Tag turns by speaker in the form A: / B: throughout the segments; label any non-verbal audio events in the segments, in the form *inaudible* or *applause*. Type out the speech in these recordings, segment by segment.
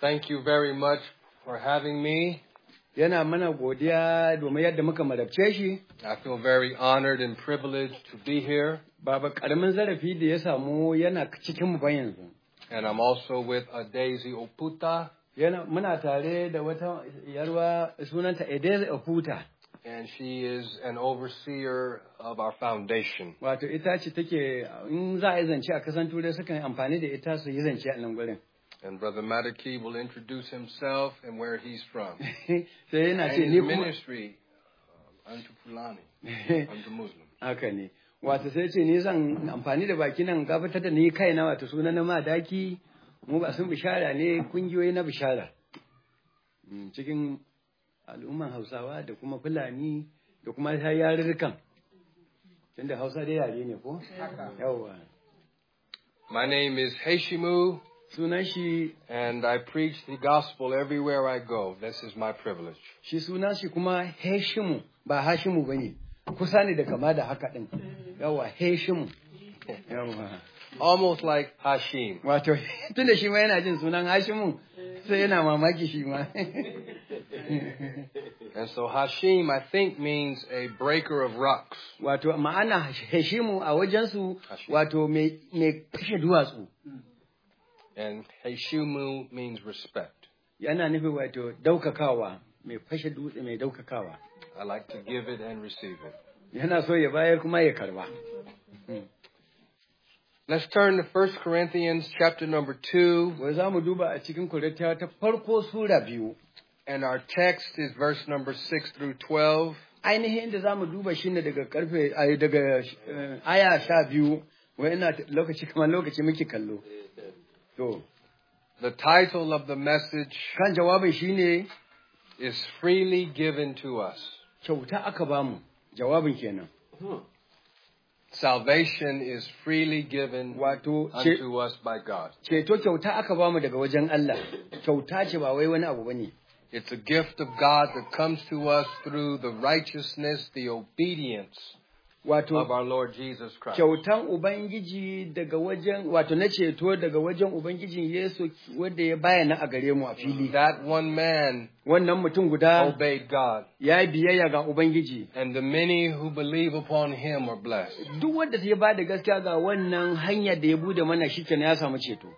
A: Thank you very much for having me. I feel very honored and privileged to
B: be here. And I'm also with
A: a Daisy Oputa and she is an overseer of our foundation.
B: Wato ita ce take in za a zance a kasan turai sukan amfani da ita su yi zance a nan gurin.
A: And Brother Madaki will introduce himself and where he's from.
B: *laughs* and his
A: ministry um, unto Fulani, *laughs* unto Muslim.
B: Haka ne. Wato sai ce ni zan amfani da baki nan gabatar da ni kaina wato sunan na Madaki mu ba sun bishara ne kungiyoyi na bishara. Hmm, cikin al'umman hausawa da kuma fulani da kuma yarurrukan tunda hausa dai yare ne ko yawwa
A: my name is
B: Hashimu,
A: Sunashi and I preach the gospel everywhere I go. This is my privilege.
B: Shi sunashi kuma Heishimu ba Hashimu bane. Kusa ne da kama da haka din.
A: Almost like Hashim.
B: Wato tunda shi ma yana jin sunan Hashimu and
A: so Hashim, I think, means a breaker of rocks. And
B: Heshimu means respect. I
A: like to give it and receive
B: it.
A: Hmm. Let's turn to 1 Corinthians chapter number 2.
B: And our text is verse number 6 through 12. Ainihin da za mu duba shi ne daga karfe daga eh, aya sha biyu wa'ina lokaci kamar lokaci muke kallo. To. The title
A: of the message kan jawabin shi ne is freely
B: given to us. Kyauta aka jawabin kenan.
A: Hmm. Salvation is freely given unto us by God. It's a gift of God that comes to us through the righteousness, the obedience wato
B: kyautan Ubangiji daga wajen wato na ceto daga wajen Ubangijin Yesu wanda ya a gare mu a fili. That one man wannan mutum guda obeyed God. ya biyayya ga Ubangiji. And the many who believe upon him are blessed. Duk wanda ya gaskiya ga wannan hanya da ya bude mana ya samu ceto.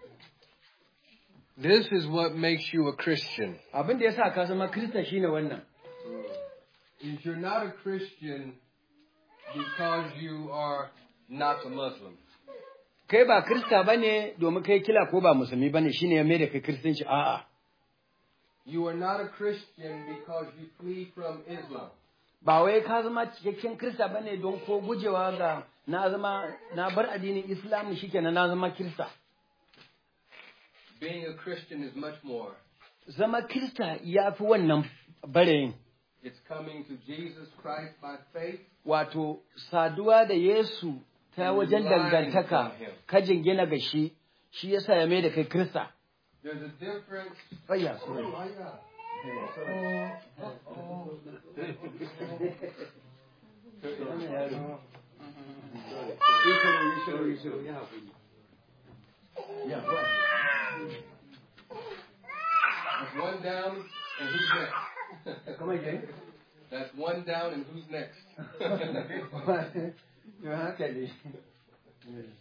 B: This is what makes you a Christian. Abin da ka zama shine wannan.
A: If you're not a Christian, because you are not a Muslim.
B: Kai ba Kirista ba ne domin kai kila ko ba musulmi ba ne shine ya mai da kai Kiristanci a'a. You are not a Christian because you flee from Islam. Ba wai ka zama cikakken Kirista ba ne don ko gujewa ga na zama na bar addinin Islam shi kenan na zama Kirista.
A: Being a Christian is much more.
B: Zama Kirista ya fi wannan barayin.
A: It's coming to Jesus Christ by faith.
B: Wato saduwa da Yesu ta wajen dangantaka ka jingina ga shi shi yasa ya mai da kai Kirista.
A: There's a difference. Oh, yeah, sorry. Oh, yeah. Hey, yeah, One down and he's next. Come again? That's one down, and who's next? Kelly. *laughs* *laughs*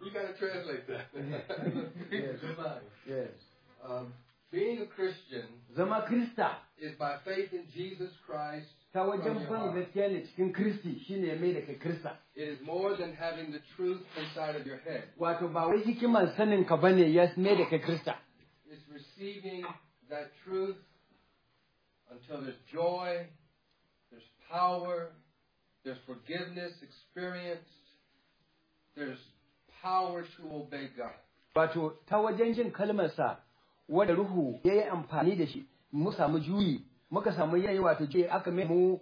A: we gotta translate that. *laughs* yes. yes. Um, being a Christian zama Krista is by faith in
B: Jesus Christ. It
A: is more than having the truth inside of your head. It's receiving that truth until there's joy, there's power, there's forgiveness experienced, there's power to obey God.
B: Wato, ta wajen jin kalmarsa, wanda Ruhu ya yi amfani da shi, mu samu juyi, muka samu yanayi wato je aka mai mu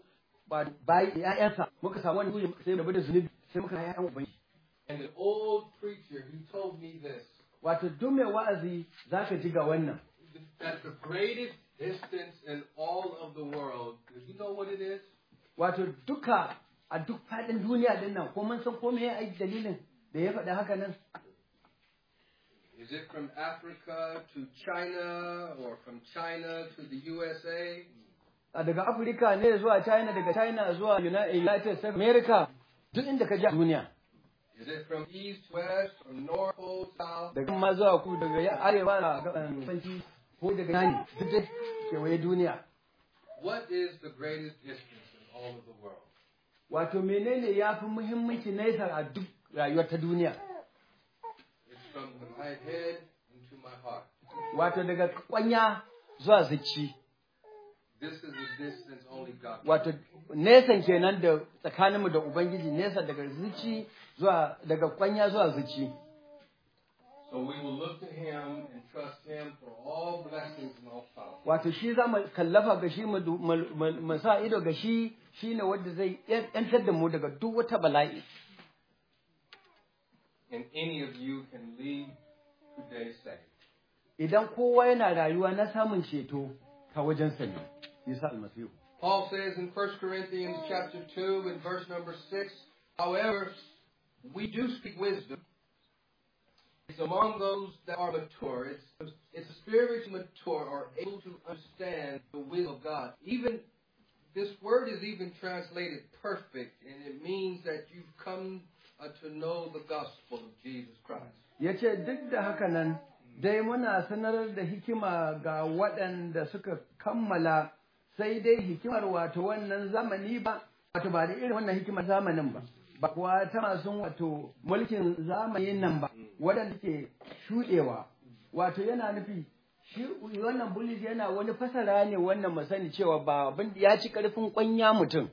B: bayi ‘ya'yansa, muka samu wani juyi sai rabu da zunubi, sai muka ‘ya'yan ubangi.
A: And the old preacher, he told me this.
B: Wato, duk mai wa'azi za ka ji ga wannan.
A: That the greatest distance in all of the world. Do you know what it is?
B: Wato duka a duk faɗin duniya din nan ko mun san ko meye ai dalilin da ya faɗa haka nan.
A: Is it from Africa to China or from China to the USA?
B: Daga Afirka ne zuwa China, daga China zuwa United States America, duk inda ka ji duniya.
A: Is it from east, west, from north, pole, south? Daga
B: mazuwa ku daga arewa na gaban um, ko daga nani da kewaye duniya
A: what is the greatest distance in all of the world
B: wato menene ya fi muhimmanci nesa a duk rayuwar ta duniya
A: it's from my head into
B: my heart wato daga kwanya zuwa zuci wato nesan kenan da tsakaninmu da ubangiji nesa daga zuci zuwa daga kwanya zuwa zuci
A: So we will look to him and trust him for all blessings and all power.
B: Wato shi za mu kallafa ga shi mu sa ido ga shi shine wanda zai da mu daga duk wata bala'i.
A: And any of you can leave today
B: Idan kowa yana rayuwa na samun ceto ta wajen sani. Isa almasihu.
A: Paul says in 1 Corinthians chapter 2 in verse number 6, however, we do speak wisdom it's among those that are mature. It's, it's spiritually mature or able to understand the will of God. Even this word is even translated perfect, and it means that you've come uh, to know the gospel of Jesus Christ.
B: yace duk da haka nan dai muna sanar da hikima ga waɗanda suka kammala sai dai hikimar wato wannan zamani ba wato ba da irin wannan hikimar zamanin ba ba kuwa ta masu wato mulkin zamanin nan ba waɗanda ke shuɗewa wato yana nufi shi wannan bulis yana wani fasara ne wannan masani cewa ba abin ya ci ƙarfin ƙwanya mutum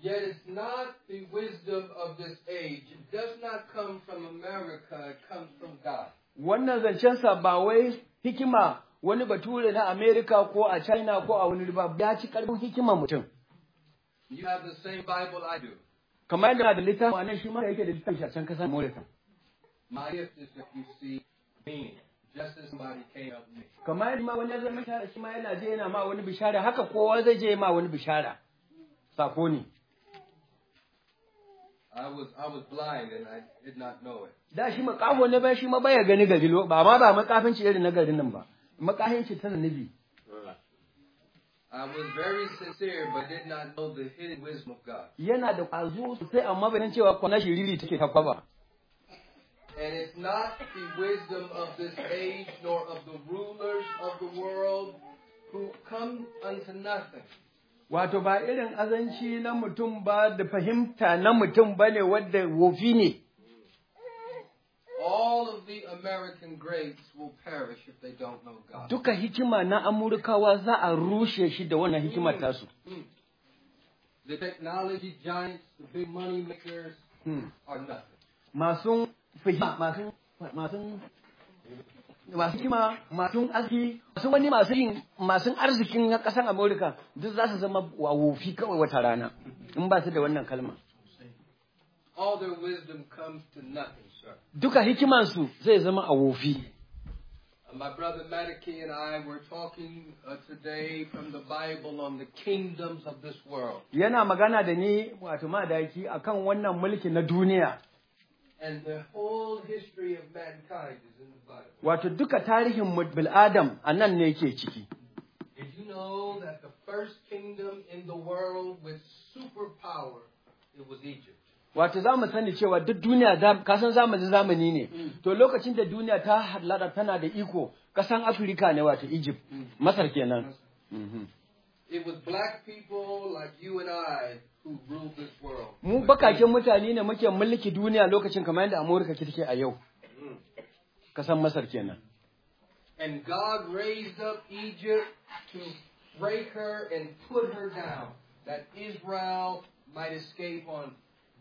A: Yet it's not the wisdom of this age. It does not come from America, it comes from God.
B: Wannan zancensa ba wai hikima wani bature na Amerika ko a China ko a wani riba ya ci ƙarfin hikima mutum.
A: You have the same Bible I do.
B: kamar yadda da littafin nan shi ma yake da littafin shi a can kasar Morita kamar yadda ma wani ya zama bishara shi ma yana je yana ma wani bishara haka kowa zai je ma wani bishara sako ne
A: I was I was blind and I did not know it.
B: Da shi makafo ne ba shi ma baya gani gari ba ma ba makafinci irin na garin nan ba. Makahinci ta nabi.
A: I was very sincere but did not know the hidden wisdom of God. And it's not the wisdom of this age nor of the rulers of the world who come unto nothing.
B: Wato ba irin azanci na mutum ba da fahimta na mutum ba ne wadda wofi ne. Duka hikima na Amurkawa za a rushe shi da wannan hikimar hmm. tasu.
A: Hmm. The technology giants,
B: Masu wani masu yin masu arzikin na ƙasar Amurka duk za su zama wofi kawai wata rana in ba su da wannan kalma.
A: All their wisdom comes to nothing.
B: duka hikimansu zai zama a wofi
A: My brother Madiki and I were talking uh, today from the Bible on the kingdoms of this world.
B: Yana magana da ni wato madaki akan wannan mulki na duniya.
A: And the whole history of mankind is in the Bible.
B: Wato duka tarihin bil Adam a ne yake ciki.
A: Did you know that the first kingdom in the world with superpower it was
B: Egypt? wato za mu sani cewa duk duniya kasan zamani zamani ne mm. to lokacin da duniya ta hallada tana da iko kasan afirka ne wato egypt mm. masar kenan mhm.
A: It was black people like you and I who ruled this world. Mu bakakin
B: mutane ne muke mulki duniya lokacin kamar yadda Amurka take a yau. Kasan mm. Masar kenan.
A: And God raised up Egypt to break her and put her down that Israel might escape on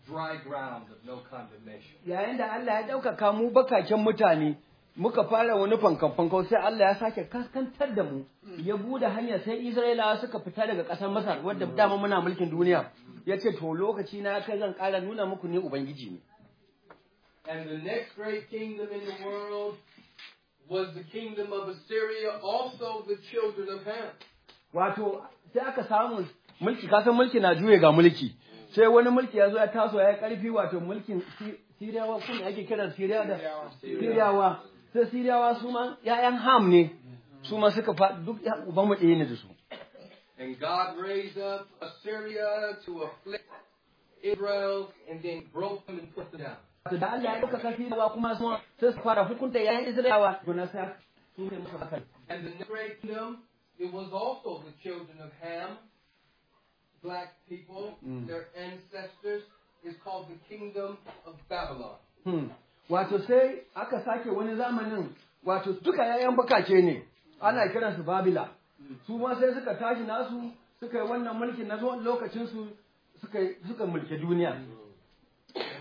A: dry ground of no condemnation.
B: Yayin da Allah ya ɗaukaka mu bakaken mutane muka fara wani fankan sai Allah ya sake kaskantar da mu ya bude hanya sai Isra'ilawa suka fita daga ƙasar Masar wadda dama muna mulkin duniya ya ce to lokaci na kai zan ƙara nuna muku ne Ubangiji ne.
A: And the next great kingdom in the world was the kingdom of Assyria, also the children of Ham.
B: Wato, sai aka samu mulki, kasan mulki na juye ga mulki. sai wani mulki ya zo ya taso ya karfi wato mulkin siriyawa ake siriyawa siriyawa sai siriyawa su ma ya'yan ham ne su ma suka duk mu ɗaya ne da su
A: And God raised up Assyria to afflict Israel and then broke them and put them down.
B: Da Allah ya ɗaukaka Siriyawa kuma su sai su fara hukunta ‘ya'yan Isra'ilawa gona sa su ne musu hakan.
A: And the great kingdom, it was also the children of Ham black people, mm. their ancestors, is called the Kingdom of Babylon.
B: Hmm. Wato sai aka sake wani zamanin wato duka ‘ya'yan bakace ne, ana kiransu Babila, hmm. su ma sai suka tashi nasu suka yi wannan mulki na lokacinsu suka mulki duniya. Hmm.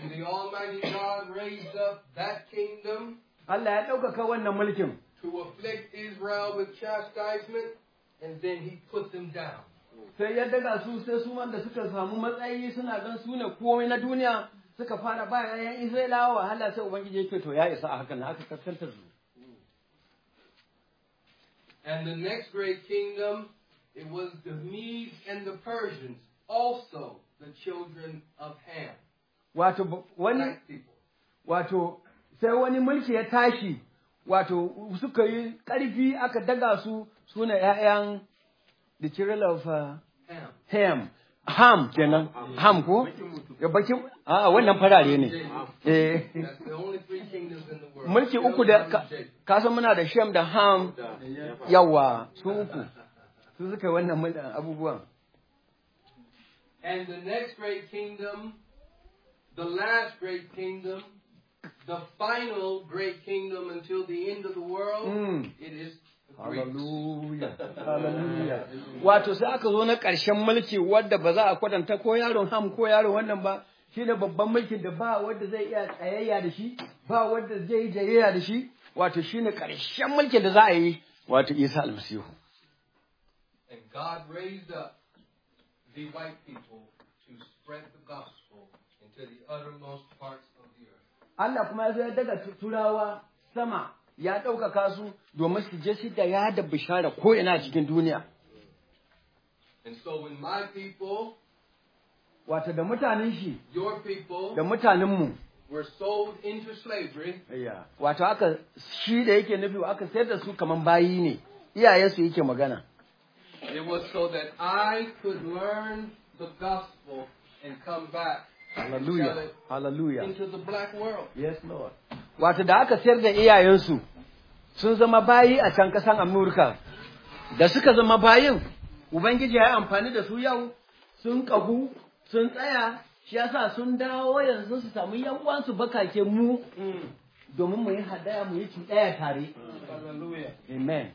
A: And the Almighty God raised up that kingdom
B: Allah ya ɗaukaka wannan mulkin.
A: To afflict Israel with chastisement and then he
B: put them down sai su sai su suka samu matsayi suna gan su ne komai na duniya suka fara ba Isra'ilawa wahala sai ubangiji ya ce to ya isa a hakan aka kaskanta su
A: And the next great kingdom it was the Medes and the Persians also the children of
B: Ham. Wato wani wato sai wani mulki ya tashi wato suka yi ƙarfi aka daga su suna ‘ya'yan the children of uh, Ham. Ham kenan. Ham ko? Bakin a ah, wannan farare ne. Eh. Mulki uku da ka san muna da Shem da Ham yawa su uku. Su suka wannan abubuwan.
A: And the next great kingdom, the last great kingdom, the final great kingdom until the end of the world, mm. it is
B: hallelujah hallelujah Wato sai aka zo na ƙarshen mulki wadda ba za a kwatanta ko yaron ham ko yaron wannan ba, shi ne babban mulkin da ba wadda zai iya tsayayya da shi, ba wadda zai yi jayayya da shi, wato shi ne ƙarshen mulkin da za a yi, wato Isa almasihu.
A: And God raised up the white people to spread the gospel into the uttermost parts of the
B: earth. Allah kuma ya zo ya daga turawa sama ya ɗaukaka su domin su je su da ya da bishara ko ina cikin duniya.
A: And so when my people,
B: wata da mutanen shi,
A: your people, da mutanenmu, were sold into slavery, yeah.
B: wato aka shi da yake nufi aka sayar da su kamar bayi ne, iyayen su yake magana.
A: It was so that I could learn the gospel and come back. Hallelujah. Hallelujah. Into the black world. Yes, Lord.
B: wato da aka sayar da iyayensu sun zama bayi a can kasan Amurka da suka zama bayin ubangiji ya amfani da su yau sun kagu sun tsaya shi yasa sun dawo yanzu su samu yan uwansu bakake mu domin mu yi hadaya mu yi cuɗaya tare amen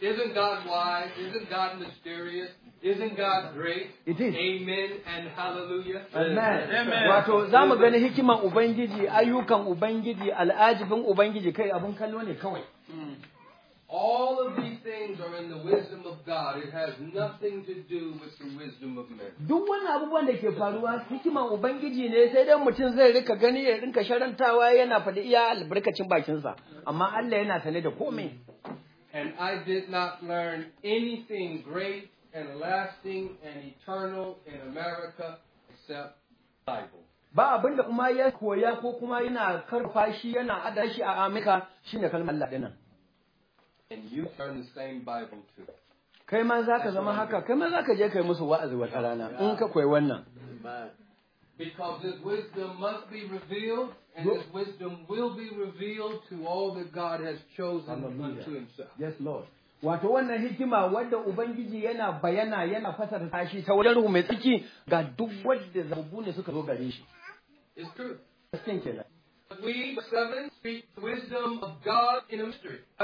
A: isn't god wise isn't god mysterious Isn't God great? It is. Amen and hallelujah. Amen. Wato za mu gani
B: Ubangiji, ayyukan Ubangiji, al'ajibin Ubangiji kai abin kallo ne kawai.
A: Hmm. All of these things are in the wisdom of God. It has nothing to do with the wisdom of men.
B: Duk abubuwan da ke faruwa Ubangiji ne sai dai mutum zai rika gani ya rinka sharantawa yana faɗi iya albarkacin bakinsa. Amma Allah yana sane da komai.
A: And I did not learn anything great and lasting and eternal in America except
B: Bible. Ba kuma ya koya ko kuma yana karfa shi yana ada shi a shine kalmar Allah
A: And you turn the same Bible too.
B: Kai ma zama haka, kai ma je kai musu wa'azi wata rana in ka koyi wannan.
A: Because this wisdom must be revealed, and this wisdom will be revealed to
B: all that God has chosen unto himself. Yes, Lord. wato wannan hikima wadda ubangiji yana bayana yana fasar Tashi ta wajen ruhu mai tsaki ga duk wadda zabu ne suka zo gare shi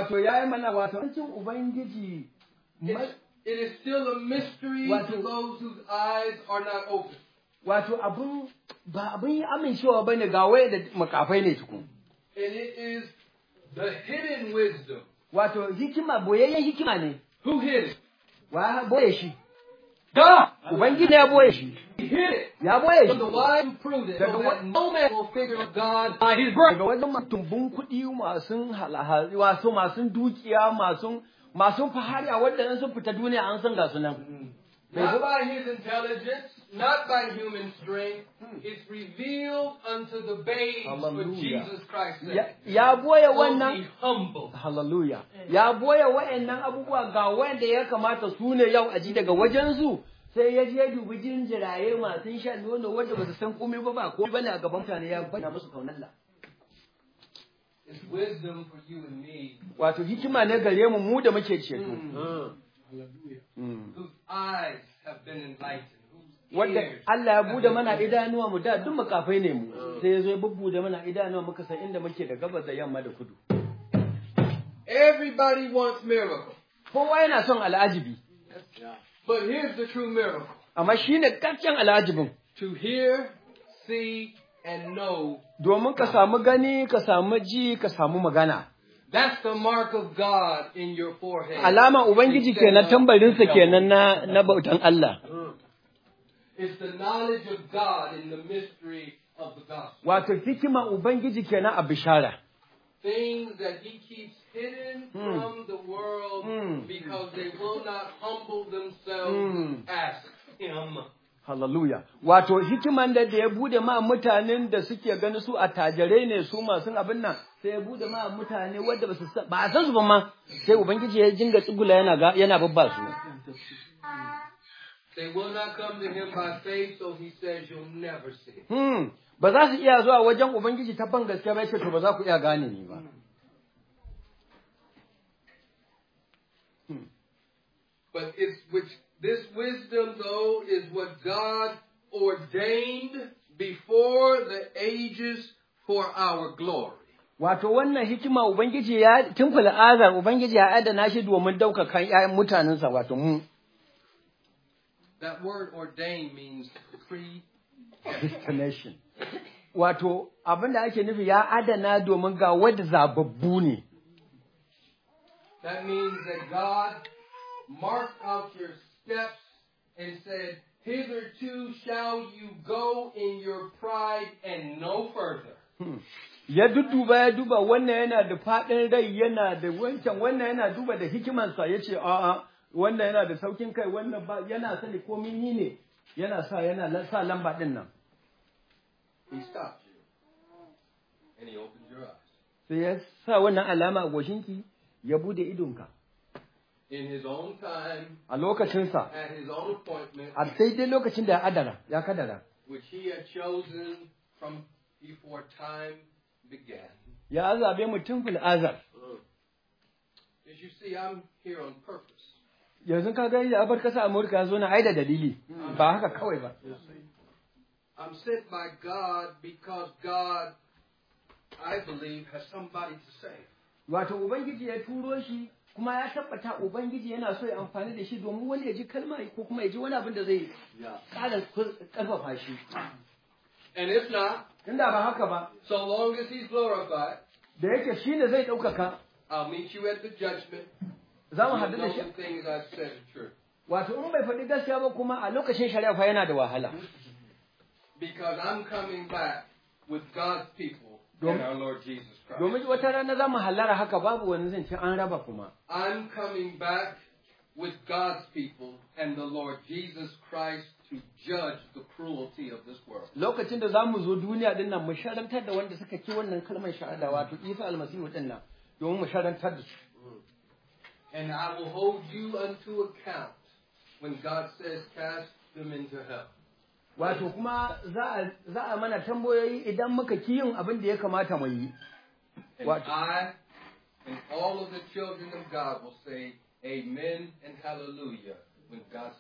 B: Wato ya yi a mana wato cikin ubangiji It is still a mystery
A: to those whose eyes are not open.
B: Wato abun ba abun yi amincewa bane ga waye da makafai ne tukun.
A: And it is
B: the hidden wisdom wato hikima boyayyen hikima ne who hid wa boye shi da ubangiji ya boye shi ya boye shi daga wajen tumbun kuɗi masu halahari wasu masu dukiya masu masu fahari a waɗannan sun fita duniya an san ga su nan mm. not by
A: his intelligence, not by human strength. Hmm. It's revealed unto the babes Hallelujah. for Jesus Christ's sake. Ya boye wannan
B: Hallelujah. Eh. Ya boya wa'annan abubuwa ga wanda ya kamata su ne yau a ji daga wajensu. sai ya je dubi jinjiraye masu shan nono wanda ba su san komai ba ba ko bane a gaban mutane ya bayyana musu kaunar la
A: Wato hikima ne gare mu
B: mu da muke ceto. Hmm. Hmm. Wadda Allah ya bude mana idanuwa mu da duk makafai ne mu oh. sai ya zo ya bubbude mana idanuwa muka san inda muke da gabas da yamma da kudu.
A: Everybody wants miracle. Kowa
B: yana son al'ajibi. But here's the true miracle. Amma shi ne gaskiyar al'ajibin. To
A: hear, see, and know.
B: Domin ka samu gani, ka samu ji, ka samu magana.
A: That's the mark of God in Alama Ubangiji kenan uh, tambarinsa kenan na na bautan Allah. Hmm. Wato
B: hikima Ubangiji kenan a bishara.
A: Things that he keeps
B: Hallelujah. Wato hikiman da ya bude ma mutanen da suke gani su attajirai ne su masu abin nan sai bude ma mutane wanda ba su ba san su ba ma sai ubangiji ya jinga tsugula yana ga yana babba su ba za su iya zuwa wajen ubangiji ta ban gaskiya ba yace to ba za ku iya gane ni ba
A: But it's which this wisdom though is what God ordained before the ages for our glory.
B: Wato wannan hikima Ubangiji ya azar Ubangiji ya adana shi domin mutanensa wato mu.
A: That word ordain means predestination.
B: Wato abin da ake nufi ya adana domin ga wadda zababbu ne.
A: That means that God marked out your steps and said, Hitherto shall you go in your pride and no further.
B: ya dudduba ya duba wannan yana da faɗin rai yana da wancan wannan yana duba da hikimansa ya ce a'a wannan yana da saukin kai wannan ba yana sani ko ni ne yana sa yana sa lamba ɗin nan sai ya sa wannan alama a goshinki ya bude idonka
A: a lokacinsa a
B: sai dai lokacin da ya adara ya kadara
A: which he had chosen from before time began.
B: Ya zabe mu tun fil azal.
A: Mm. As you see, I'm here on purpose.
B: Yanzu ka ga ya abar kasa Amurka ya zo na aida dalili mm. ba haka kawai ba.
A: I'm sent by God because God, I believe, has somebody to save.
B: Wato Ubangiji ya turo shi kuma ya tabbata Ubangiji yana so ya amfani da shi domin wani ya ji kalma ko kuma ya ji wani abin da zai ƙara ƙarfafa shi.
A: And if not, In da ba haka ba. So long as he's glorified.
B: Da yake shi ne zai ɗaukaka.
A: I'll meet you at the judgment. Za mu haɗu da shi. things I've said are true.
B: Wato in bai faɗi gaskiya ba kuma a lokacin shari'a fa yana da wahala.
A: Because I'm coming back with God's people. Domin
B: wata rana za mu hallara haka babu wani an raba kuma.
A: I'm coming back with God's people and the Lord Jesus Christ to judge the cruelty of this world.
B: Lokacin da zo duniya din nan mu sharantar da wanda suka ci wannan kalmar shahada wato Isa almasihu din nan domin mu sharantar da su. Mm.
A: And I will hold you unto account when God says cast them into hell.
B: Wato kuma za a mana tambayoyi idan muka abin da ya kamata mu yi. Wato.
A: I and all of the children of God will say amen and hallelujah when God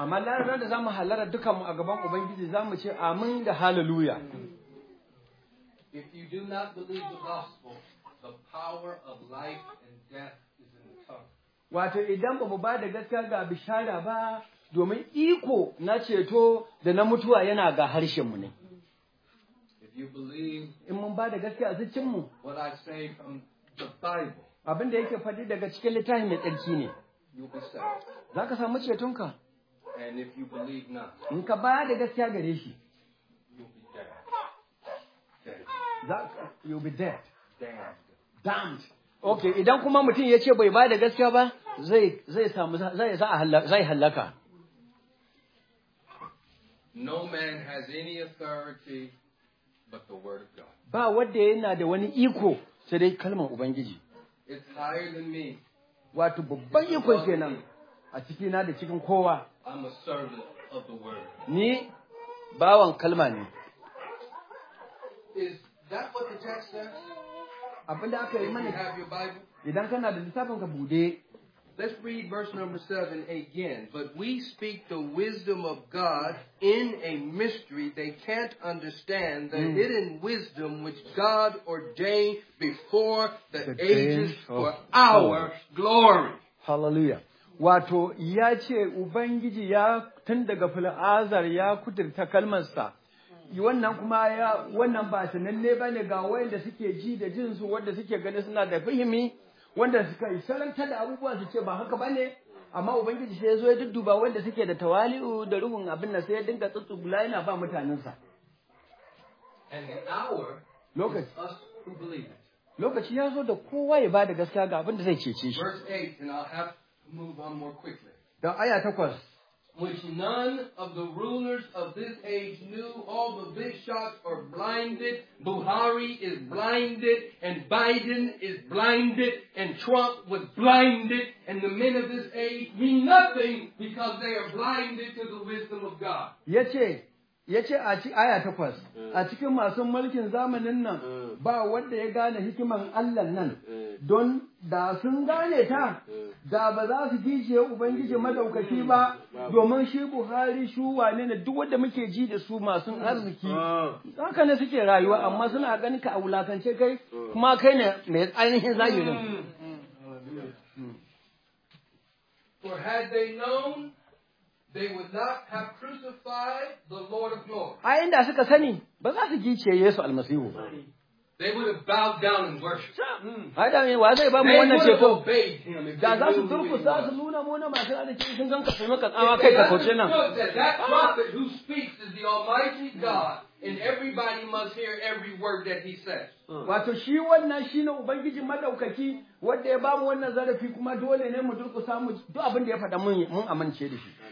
B: amma larabar da za mu halara dukanmu a gaban ubangiji za mu ce amin da hallelujah if you wato idan ba mu ba da gaskiya ga bishara ba domin iko na ceto da na mutuwa yana ga harshenmu ne in mun ba da gaskiya a zuciyarmu abin da yake faɗi daga cikin littafin mai tsarki ne za ka samu cetonka in ka ba da gaskiya gare shi you'll be dead damned okay idan kuma mutum ya ce bai ba da gaskiya ba zai zai samu zai za zai halaka
A: no man has any authority but the word of God
B: ba wanda yana da wani iko sai dai kalmar ubangiji
A: it's higher than me
B: wato babban iko kenan cikina da cikin kowa.
A: I'm a servant of the word.
B: Ni bawan kalma ne.
A: Is that what the text says?
B: aka yi mana. have your Bible? Idan kana da littafin ka bude.
A: Let's read verse number 7 again. But we speak the wisdom of God in a mystery they can't understand, the mm. hidden wisdom which God ordained before
B: the, the ages for our glory. Hallelujah. wato ya ce Ubangiji ya tun daga fil'azar ya kudurta kalmarsa, wannan kuma ya wannan ba sananne ba ne ga wayanda suke ji da jinsu wanda suke gani suna da fahimi wanda suka yi salanta da abubuwa su ce ba haka ba ne amma ubangiji sai ya zo ya dudduba wanda suke da tawali'u da ruhun abin nan sai ya dinga tsutsugula yana ba mutanensa lokaci lokaci ya zo da kowa ya ba da gaskiya ga abin da zai cece shi
A: move on more quickly. Which none of the rulers of this age knew. All the big shots are blinded. Buhari is blinded, and Biden is blinded, and Trump was blinded, and the men of this age mean nothing because they are blinded to the wisdom of God.
B: Wiecie, ya ce a ci aya takwas a cikin masu mulkin zamanin nan ba wanda ya gane hikiman Allah nan don da sun gane ta da ba za su jijiye ubangiji madaukaki ba domin shi Buhari shu wane ne duk wanda muke ji da su masu arziki haka ne suke rayuwa amma suna ganin ka a wulakance kai kuma kai ne mai ainihin zahirin.
A: For they would not have crucified the Lord of glory.
B: A inda suka sani ba za su giciye Yesu almasihu ba.
A: They would have bowed down and worshiped. Mm.
B: Ai da wa zai ba mu wannan ceto? Da za su durkusa su nuna mu wannan masu da That ah. prophet
A: who speaks is the almighty God. And everybody must hear every word that he says.
B: Ah. Wato shi wannan shi ne Ubangiji madaukaki wanda ya ba mu wannan zarafi kuma dole ne mu durkusa mu duk abin da ya faɗa mun amince da shi.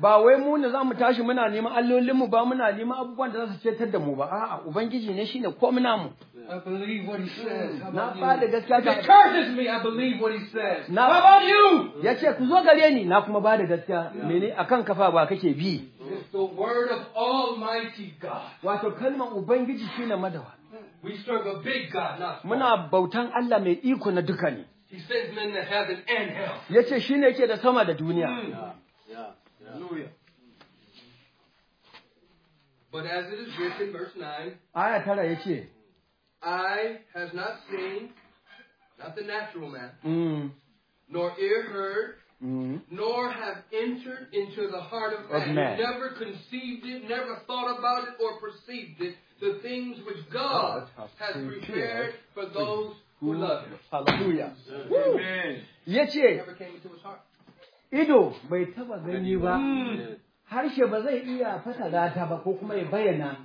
B: Ba wai mu ne za mu tashi muna neman allolinmu ba muna neman abubuwan da za su cetar da mu ba, a'a Ubangiji ne shine ko muna mu.
A: Na da gaskiya He curses me, I believe what he says. Na How about
B: you? Ya ce ku zo gare ni, na kuma ba da gaskiya. Mene akan kafa ba kake bi?
A: The word of Almighty God. Wato
B: kalmar Ubangiji shine madawa.
A: We serve a big God, not Muna
B: bautan Allah mai iko na duka ne.
A: He sends men to heaven and hell.
B: Ya shi ne ke da sama da duniya.
A: Mm. But as it is written, verse 9,
B: Aya tara
A: I has not seen, not the natural man, mm. nor ear heard, mm. nor have entered into the heart of man. of man. Never conceived it, never thought about it, or perceived it, the things which God, God has prepared for those
B: Yace ido bai taba gani ba mm. harshe ba zai iya fasada ta ba ko kuma ya bayyana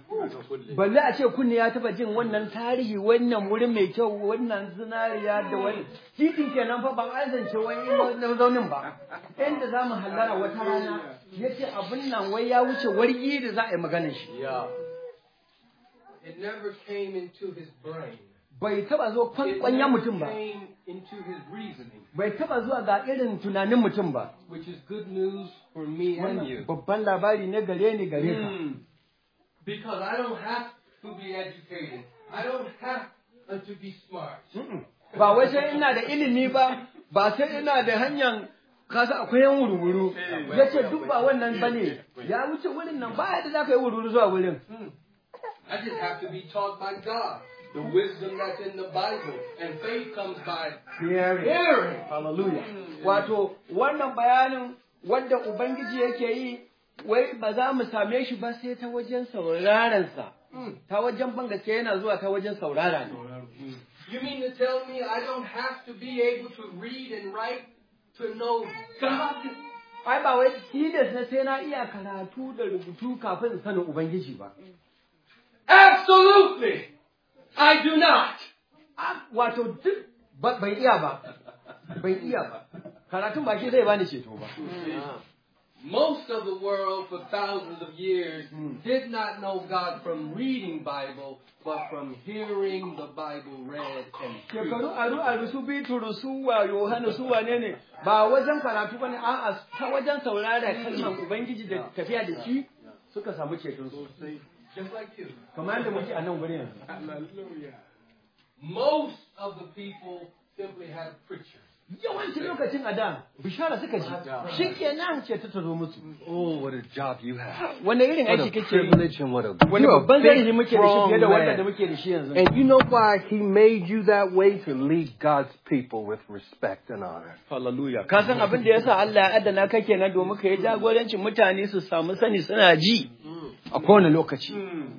B: balle a ce kunne ya taba jin wannan tarihi wannan wuri mai kyau wannan zinariya da wani titin kenan fa ban azance wani na zaunin ba inda za mu hallara wata rana ya ce abin nan wai ya wuce wargi da za a yi maganar shi
A: It never came
B: bai taba zo kwankwanya mutum ba bai taba zuwa ga irin tunanin mutum ba babban labari ne gare ni gare ka
A: hmm. because I don't have to be educated I don't have to be smart ba wai sai ina da
B: ilimi ba ba sai ina da hanyar kasa akwai yan wurwuru hmm. ya ce duk ba wannan ba ne ya wuce wurin nan ba yadda za ka yi wurwuru zuwa wurin hmm.
A: I just have to be taught by God. the wisdom that's in the Bible. And faith comes by hearing. hearing. Hallelujah. Mm-hmm. Wato,
B: wannan bayanin wanda Ubangiji yake yi, wai ba za mu same shi ba sai ta wajen saurarensa. Mm. Ta wajen ban yana zuwa ta wajen saurara ne. Mm.
A: You mean to tell me I don't have to be able to read and write to know God?
B: Ai ba wai tilas na sai na iya karatu da rubutu kafin sanin Ubangiji ba. Absolutely! I do not. Ah, wato duk bai iya ba, bai iya ba, karatun baki zai bani ceto ba. Hmm.
A: Most of the world for thousands of years hmm. did not know God from reading Bible, but from hearing the Bible read and Shekaru aru aru
B: su Bitrus su Yohana su wane ne ba wajen karatu bane a ta wajen saurara kalmar Ubangiji da tafiya da shi suka samu ceton su. Just like you. Commander, what you, I know
A: Hallelujah. Most of the people simply had preachers yawancin lokacin a da
B: bishara suka ji shi ce ta musu oh what a job you have wanne irin aiki kake yi wani babban gari muke da shi fiye da wanda da muke da shi yanzu and you
A: know why he made you that way to lead God's people with respect and honor
B: hallelujah ka san abin da yasa Allah ya addana ka kenan domin ka yi jagorancin mutane su samu sani suna ji a kowane lokaci hmm.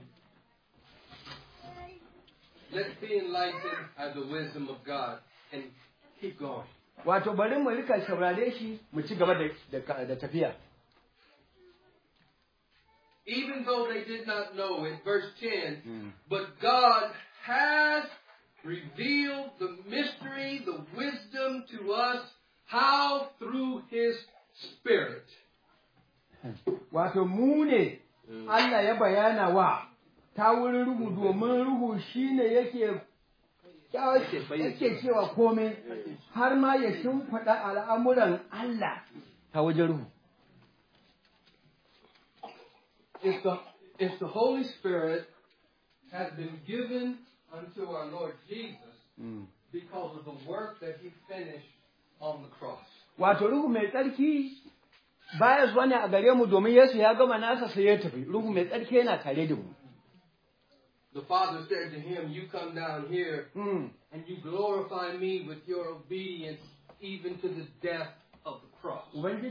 A: Let's be enlightened by the wisdom of God
B: and keep going wato bari mu rika saurare shi mu ci gaba da tafiya
A: even though they did not know in verse 10 mm. but God has revealed the mystery the wisdom to us how through his spirit
B: wato mu ne hmm. Allah ya bayana wa ta wurin ruhu domin ruhu shine yake yake cewa har ma ya al'amuran Allah ta wajen ruhu. If the, if the Holy Spirit
A: has been given unto our Lord Jesus mm. because of the work that he finished on the cross.
B: Wato Ruhu mai tsarki baya zuwa ne a gare mu domin Yesu ya gama nasa sai ya tafi. Ruhu mai tsarki yana tare da mu.
A: The father said to him, You come down here hmm. and you glorify me with your obedience even to the death of the cross. And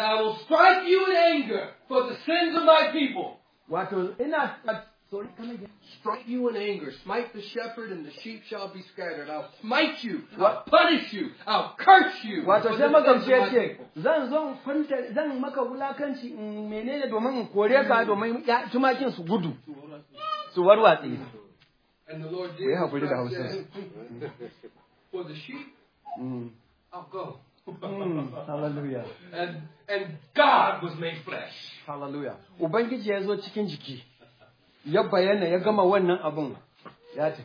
A: I will strike you in anger for the sins of my people. Strike you in anger. Smite the shepherd and the sheep shall be scattered. I'll smite you. I'll punish you.
B: I'll curse you. Wato sai magamci ya ce, zan zo zan maka wulakanci in menene domin in kore ka domin tumakin su gudu. Su warwatse.
A: Ku yi haƙuri da Hausa. For the sheep, mm. I'll go.
B: Mm, hallelujah.
A: And, and God was made flesh.
B: Hallelujah. Ubangiji ya zo cikin jiki ya bayyana ya gama wannan abin ya tafi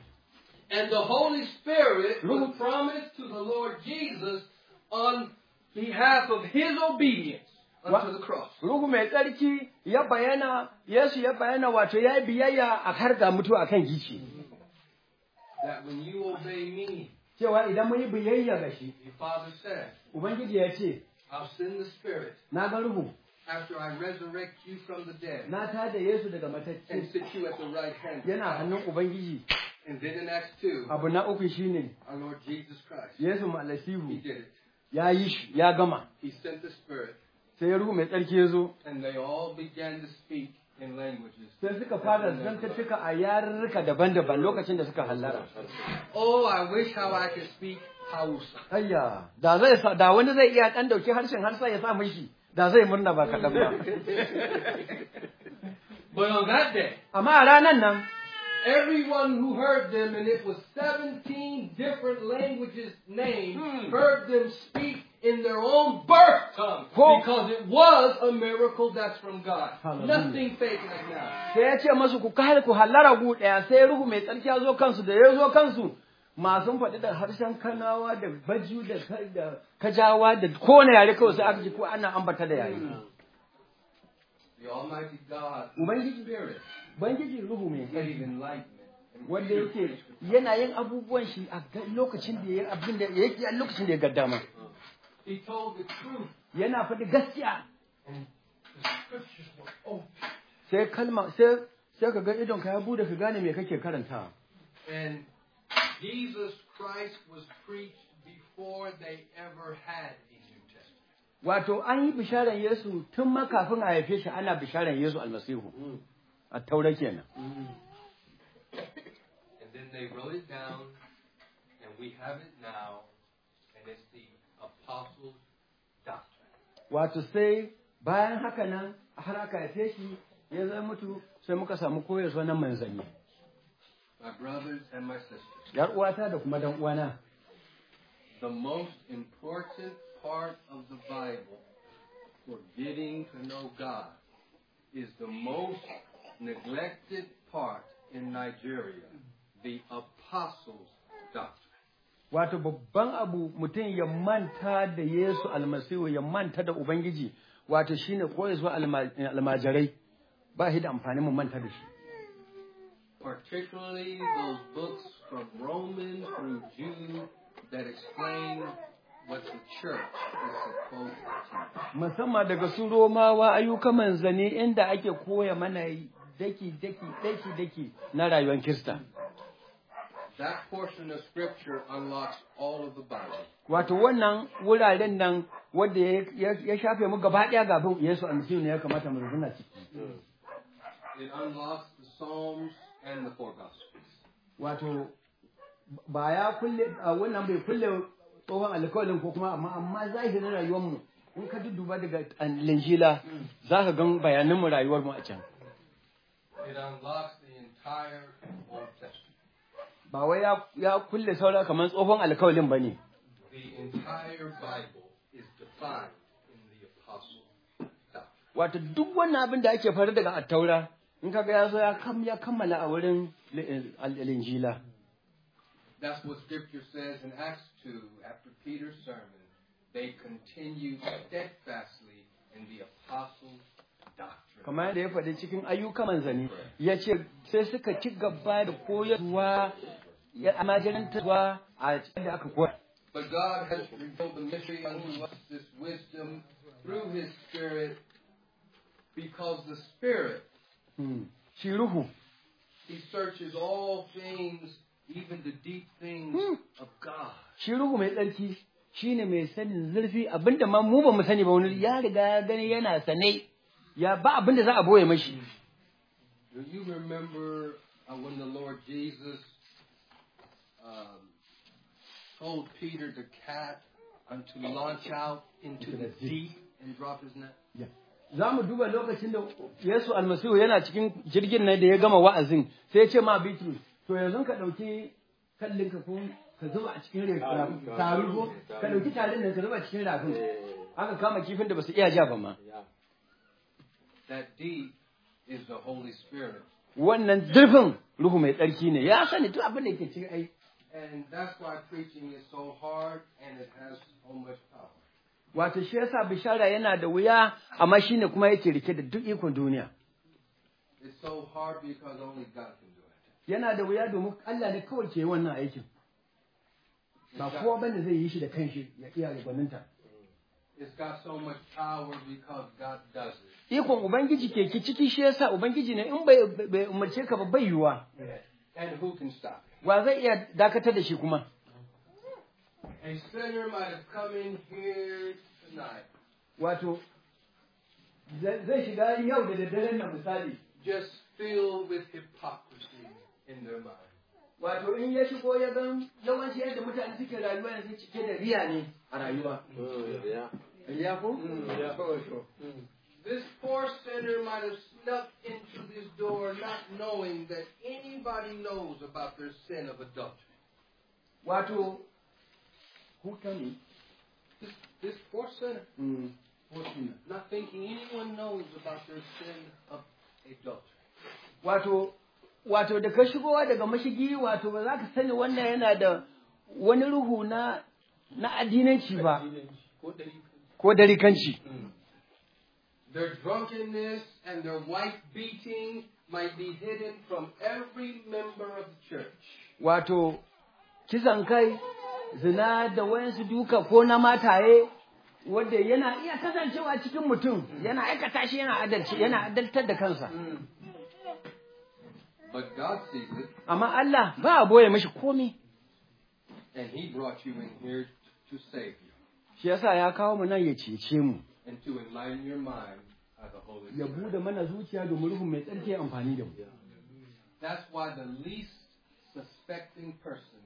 A: And the Holy Spirit was promised to the Lord Jesus on behalf of his obedience unto the cross.
B: Ruhu mai tsarki ya bayana, Yesu ya bayana wato ya biyayya a har ga mutu gici. That when you obey me, cewa idan mun yi biyayya ga shi, Ubangiji ya ce,
A: I'll send the Spirit.
B: Na ga Ruhu.
A: after I resurrect you from the dead. Na tada
B: Yesu daga And sit you at the
A: right hand. Ubangiji. And then in Acts 2. uku
B: Our Lord Jesus Christ. He did it. Ya gama.
A: He sent the Spirit.
B: Sai ya mai tsarki ya zo.
A: And they all began to speak in languages.
B: Sai suka fara zantattuka a yarurruka daban-daban lokacin da suka hallara.
A: Oh, I wish how I could speak Ayya,
B: da wani zai iya dan dauki harshen Hausa ya sa mishi. ba *laughs*
A: But on that day,
B: amma nan,
A: Everyone who heard them, and it was 17 different languages named, hmm. heard them speak in their own birth tongue
B: because it
A: was a miracle that's from God. Hallelujah. Nothing fake like that.
B: masu faɗi da harshen kanawa da baju da kajawa da kowane yare kawai sai aka ji ko ana ambata da yare.
A: Ubangiji ruhu mai
B: wanda yake yana yin abubuwan shi a lokacin da ya abin da yake a lokacin da ya ma.
A: Uh-huh.
B: Yana faɗi gaskiya. Sai kalma sai ka ga idon ka ya bude ka gane me kake karantawa.
A: Jesus Christ was preached before they ever had a New
B: Testament. Wato an yi bisharan Yesu tun ma kafin a haife shi ana bisharan Yesu almasihu. Mm. A taura kenan. Mm.
A: And then they wrote it down and we have it now and it's the apostles'
B: doctrine. Wato sai bayan haka nan har aka haife shi ya zama mutu sai muka samu koyarwa na manzanni
A: my brothers and my
B: sisters.
A: The most important part of the Bible for getting to know God is the most neglected part in Nigeria, the apostles' doctrine.
B: Wato babban abu mutum ya manta da Yesu almasihu ya manta da Ubangiji, wato shine koyaswa almajirai ba shi da amfani mu manta da shi
A: particularly those books from Romans through Jude that explain what the church is supposed to
B: Musamman daga su Romawa manzanni inda ake koya mana daki daki daki daki na rayuwar Kirista.
A: That portion of scripture unlocks all of the Bible.
B: Wato wannan wuraren nan wanda ya shafe mu gaba ɗaya gaban Yesu almasihu ne ya kamata mu rubuta ciki.
A: It unlocks the Psalms and the four gospels
B: wato ba ya kulle wannan bai kulle tsohon alkawalin ko kuma amma amma zahirin rayuwar mu in ka duba daga linjila za ka gan bayanin mu rayuwar mu a can ba wai ya kulle saura kamar tsohon alkawalin ba ne wato duk wannan abin da ake faru daga attaura in ka ga ya ya kammala a wurin al'injila
A: That's what scripture says in Acts 2 after Peter's sermon. They continued steadfastly in the apostles' doctrine.
B: Kamar ya faɗi cikin manzanni, ya ce sai suka ci gaba da koyarwa ya a cikin da aka
A: But God has revealed the mystery of us this wisdom through His Spirit, because the Spirit
B: Hmm. He
A: searches all things, even the deep things hmm. of
B: God. mai tsarki mai sanin zurfi abinda ma mu ba mu sani ba wani ya riga ya gani yana sane ya ba abinda za a boye mashi.
A: Do you remember uh, when the Lord Jesus um, told Peter the cat and uh, to launch out into the deep and drop his net? Yeah. za mu
B: duba lokacin da Yesu almasihu yana cikin jirgin nan da ya gama wa'azin sai ya ce ma Bitrus to yanzu ka ɗauki kallin ka ko ka zuba a cikin tarin ka ɗauki tarin nan ka zuba a cikin rafin eh. aka kama kifin da ba su iya ja ba ma wannan zurfin ruhu mai tsarki ne ya sani duk abin da yake cikin ai wato shi yasa bishara yana da wuya amma shine kuma yake rike da duk ikon duniya yana da wuya domin Allah ne kawai ke wannan aikin ba kowa bane zai yi shi da kanshi ya iya gwaninta
A: mm.
B: ikon ubangiji ke ki ciki shi yasa ubangiji ne in bai umarce ka ba bai wa zai iya dakatar da shi kuma
A: a sinner might have come in here tonight.
B: Wato, zai shiga yau da daddaren nan misali. Just filled with hypocrisy in their mind. Wato in ya shigo ya gan yawanci yadda mutane suke rayuwa yanzu cike da riya ne
A: a rayuwa. Mm, riya ko? Mm, mm. This poor sinner might have snuck into this door not knowing that anybody knows about their sin of adultery. Wato who can he? This, this poor sinner mm. not thinking anyone knows about their sin of adultery.
B: Wato, wato da ka shigowa daga mashigi wato ba za ka sani wannan yana da wani ruhu na na addinanci ba ko darikanci. Mm.
A: Their drunkenness and their wife beating might be hidden from every member of the
B: church. Wato, kisan kai zina da wayansu duka ko na mataye wanda yana iya kasancewa cikin mutum yana aikata shi yana adalci yana adaltar da kansa amma Allah ba a boye mashi komai shi yasa ya kawo mu nan ya cece mu ya bude mana zuciya domin ruhun mai tsarki amfani da mu
A: That's why the least suspecting person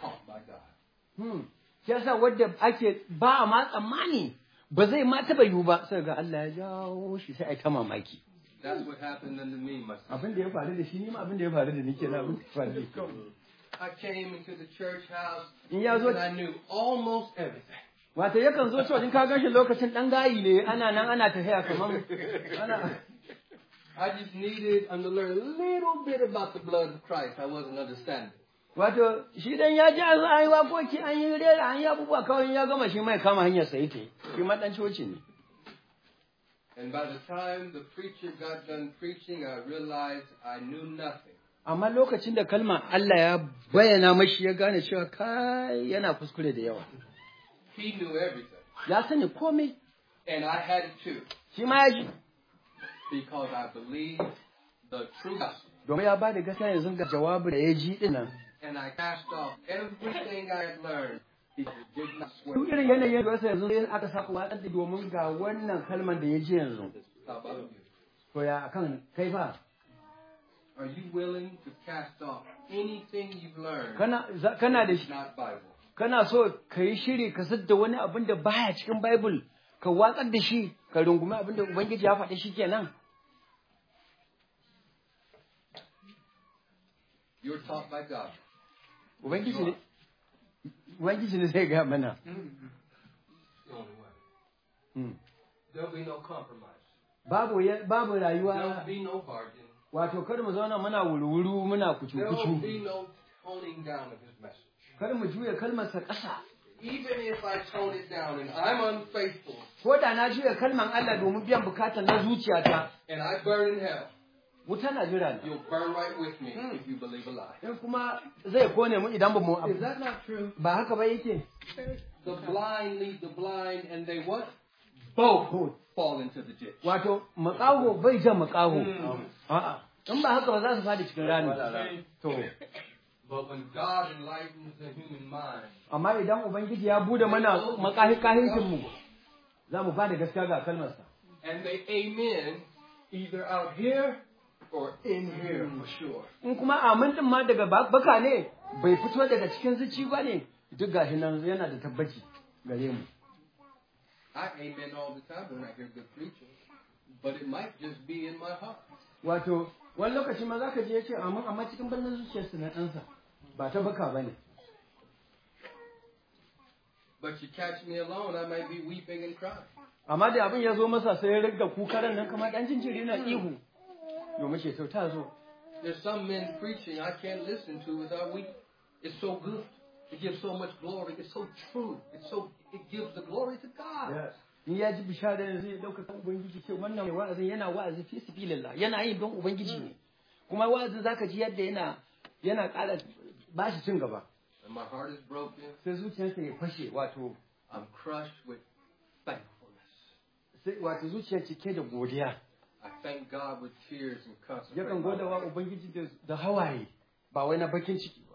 A: caught by God.
B: Hmm. wadda ake ba ma tsammani ba zai ma yiwu ba sai ga Allah ya jawo shi sai ai ta mamaki. That's what happened to me my Abin da ya faru da shi ni ma abin da ya faru da ni ke na abin da faru
A: I came into the church house and I knew almost
B: everything. Wato yakan zo cewa in ka gan shi lokacin gayi ne ana nan ana ana I just needed to learn a little bit about the blood of Christ. I wasn't understanding. Wato, shi dan ya ji an yi wakoki an yi rera, an yi abubuwa kawai ya gama shi mai kama hanyar sai ta yi, shi dan coci ne.
A: And by the time the preacher got done preaching, I realized I knew nothing.
B: Amma lokacin da kalma Allah ya bayyana mashi ya gane cewa kai yana kuskure da yawa.
A: He knew everything.
B: Ya sani komai.
A: And I had it too. Shi ma ya ji. Because I believe the true gospel.
B: Domin ya ba da gaskiya yanzu ga jawabin da ya ji dinnan.
A: and I cast off everything I had learned. Duk irin yanayin
B: yadda wasu yanzu sai aka saka watsar da domin ga wannan kalmar da ya ji yanzu. To ya kan kai fa? Kana kana da shi. Kana so ka yi shiri ka sadda wani abin da baya cikin Bible ka watsar da shi ka rungumi abin da Ubangiji ya faɗi shi kenan.
A: You're taught by God.
B: Ubangiji ne zai gaya mana. Hmm. Babu rayuwa. Wato kar mu zauna muna wuri-wuri muna kucu-kucu. Kar mu juya kalmarsa ƙasa.
A: Even if
B: I tone it down and I'm unfaithful. Ko da na juya kalmar Allah domin biyan bukatar na zuciyata. And I burn in hell. Wuta jira You'll
A: burn right with me mm. if you believe a lie. In kuma zai kone mu idan bamu abu. Is that not true?
B: Ba haka ba yake.
A: The blind lead the blind and they what?
B: Both fall into the ditch. Wato makaho bai jan makaho. Hmm. A'a. In ba haka ba za su fadi cikin rani. To.
A: But when God enlightens the human mind.
B: Amma idan Ubangiji ya bude mana makahi mu za mu fada gaskiya ga kalmarsa.
A: And they amen either out here or in here for sure.
B: In kuma amin din ma daga baka ne bai fito daga cikin zuci ba ne duk nan yana da tabbaci gare mu.
A: I amen all the time when I hear good preaching, but it might just be in my heart.
B: Wato wani lokaci ma ka je yace amin amma cikin bannan zuciyarsa na ɗansa ba ta baka ba ne.
A: But you catch me alone, I might be weeping and crying.
B: Amma da abin ya zo masa sai ya riga kukaran nan kamar ɗan jinjiri na ihu. There's
A: some men preaching I can't listen to without weeping. It's so good. It gives so much glory. It's so true. It's
B: so it gives the glory to God. Yes. in yanzu ya ubangiji ce wannan wa'azin yana wa'azi fi sabilillah yana yin don ubangiji ne kuma zaka ji yadda yana yana ba shi cin gaba
A: sai
B: fashe wato I'm
A: crushed with
B: thankfulness. Wato zuciyar cike da godiya.
A: Yakan gode wa
B: Ubangiji da hawaye ba wai na bakin ciki ba.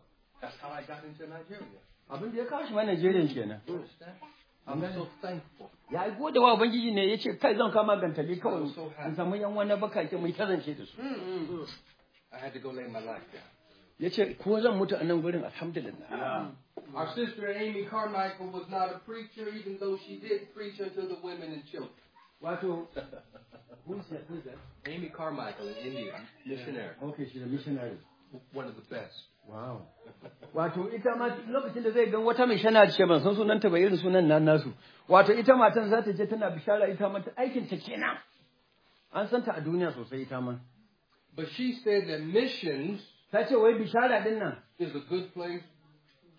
B: Abin da ya kawo shi ma Najeriya kenan. Ya gode wa Ubangiji ne ya kai zan kama gantali kawai in samu yan wani bakake mai tazance da
A: su.
B: Ya ce ko zan mutu a nan gurin alhamdulillah.
A: Our sister Amy Carmichael was not a preacher even though she did preach unto the women and children. Wato, who's that? Who's that? Amy Carmichael, an Indian missionary.
B: Okay, she's a missionary. One of the best. Wow. *laughs* Wato ita ma lokacin da zai gan wata mai shana ce ban san sunanta ba irin sunan nan nasu. Wato ita matan za ta je tana bishara ita ma aikin ta kenan. An san ta a duniya sosai ita ma. But she said that missions ta ce wai bishara din nan is a good place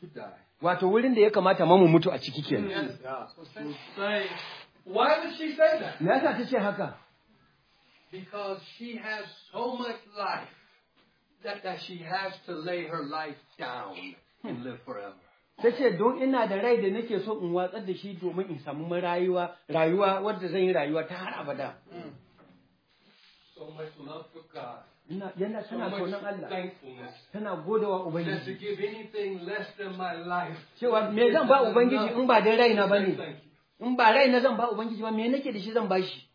B: to die. Wato wurin da ya kamata ma mu mutu a ciki kenan.
A: Why would she say that? Because she has so much life that, that she has to lay her life down
B: and live forever. ta ce don ina da rai da nake so in watsar da shi domin in samu rayuwa rayuwa wadda zan yi rayuwa ta har abada
A: mm. yana tana taunan Allah tana
B: godawa ubangiji
A: cewa me zan ba ubangiji in ba
B: da raina bane in ba rai na zan ba ubangiji ba me nake da shi zan ba shi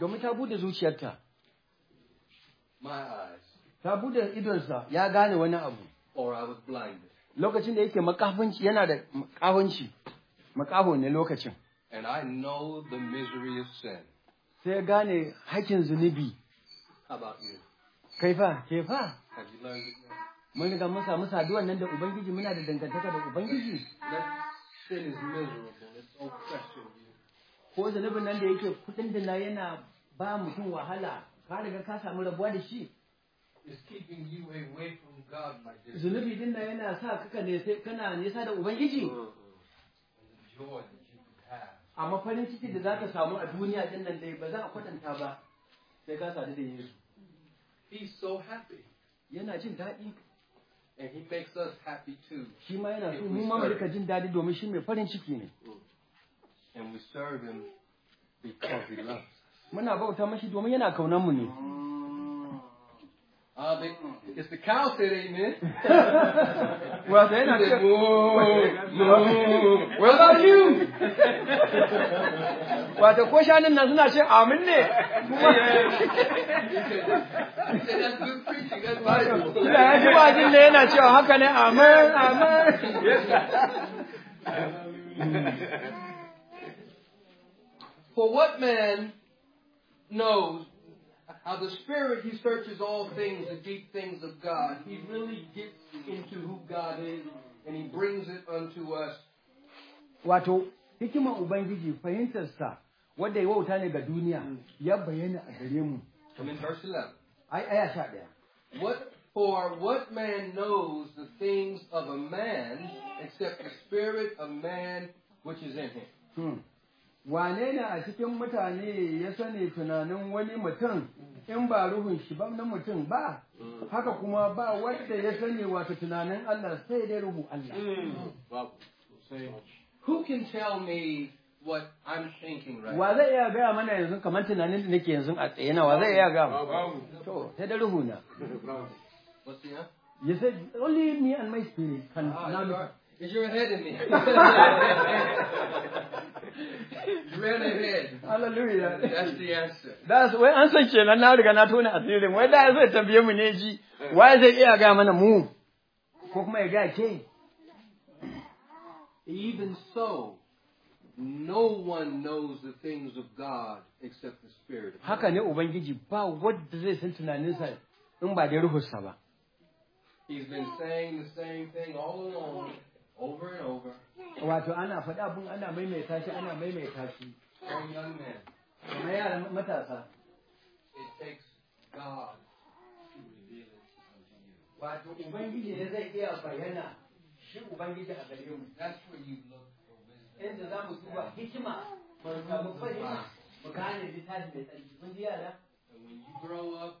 B: domin ta bude zuciyarta ta bude idonsa ya gane wani abu lokacin da yake makafanci yana da makafanci makaho ne lokacin
A: And I know the misery of sin.
B: Sai gane hakin zunubi. How about you? Kaifa, fa, ke fa?
A: Have you learned it?
B: mun riga mun samu saduwan nan da ubangiji muna da dangantaka da ubangiji ko zanubin nan da yake kudin da na yana ba mutum wahala ka riga ka samu rabuwa da shi zunubi din na yana sa kaka ne kana nesa da ubangiji amma farin ciki da za ka samu a duniya din nan dai ba za a kwatanta ba sai ka sadu da yesu yana jin daɗi And he makes Shi ma yana so mu ma mu rika jin daɗi domin shi mai farin ciki ne.
A: Mm. And
B: Muna bauta mashi domin yana kaunar mu ne. Mm.
A: Amen. Ah, is the cow said amen? *laughs*
B: well, then I said, whoa, whoa. What about you? wato ko shanun nan suna ce amin ne
A: da ya ji bajin da yana cewa haka ne amin amin For what man knows how the Spirit, He searches all things, the deep things of God. He really gets into who God is, and He brings it unto us.
B: Wato, hikimar Ubangiji fahimtarsa wadda ya wauta ne ga duniya hmm. ya bayyana a gare mu. Kamin verse 11. Ai, aya sha ɗaya.
A: What For what man knows the things of a man except the spirit of man which is in him?
B: Hmm. wane ne a cikin mutane ya sani tunanin wani mutum in ba ruhun shi ba na mutum ba mm. haka kuma ba wanda ya sani wata tunanin Allah sai dai ruhu Allah
A: mm. who can tell me what I'm thinking right wa zai
B: iya gaya mana yanzu kamar tunanin da nake yanzu a tsaye na wa zai iya gaya to sai da ruhu na you said only me and my spirit can ah, Because you're ahead of me.
A: *laughs* you ran ahead. Hallelujah. That's the answer.
B: That's why an san kenan na riga na tona asirin wai da zai tambaye mu ne shi wai zai iya ga mana mu ko kuma ya
A: Even so, no one knows the things of God except the Spirit. How Haka ne
B: Ubangiji ba wanda zai san tunaninsa in ba da ruhunsa ba.
A: He's been saying the same thing all along. over
B: Wato ana faɗi abin ana maimaita shi ana maimaita shi. Kuma yara matasa. Wato Ubangiji ne zai iya bayyana shi Ubangiji a gare mu. Yadda za mu duba hikima, mu samu fahima, mu mai
A: tsarki. Kun ji yara? And when you grow up,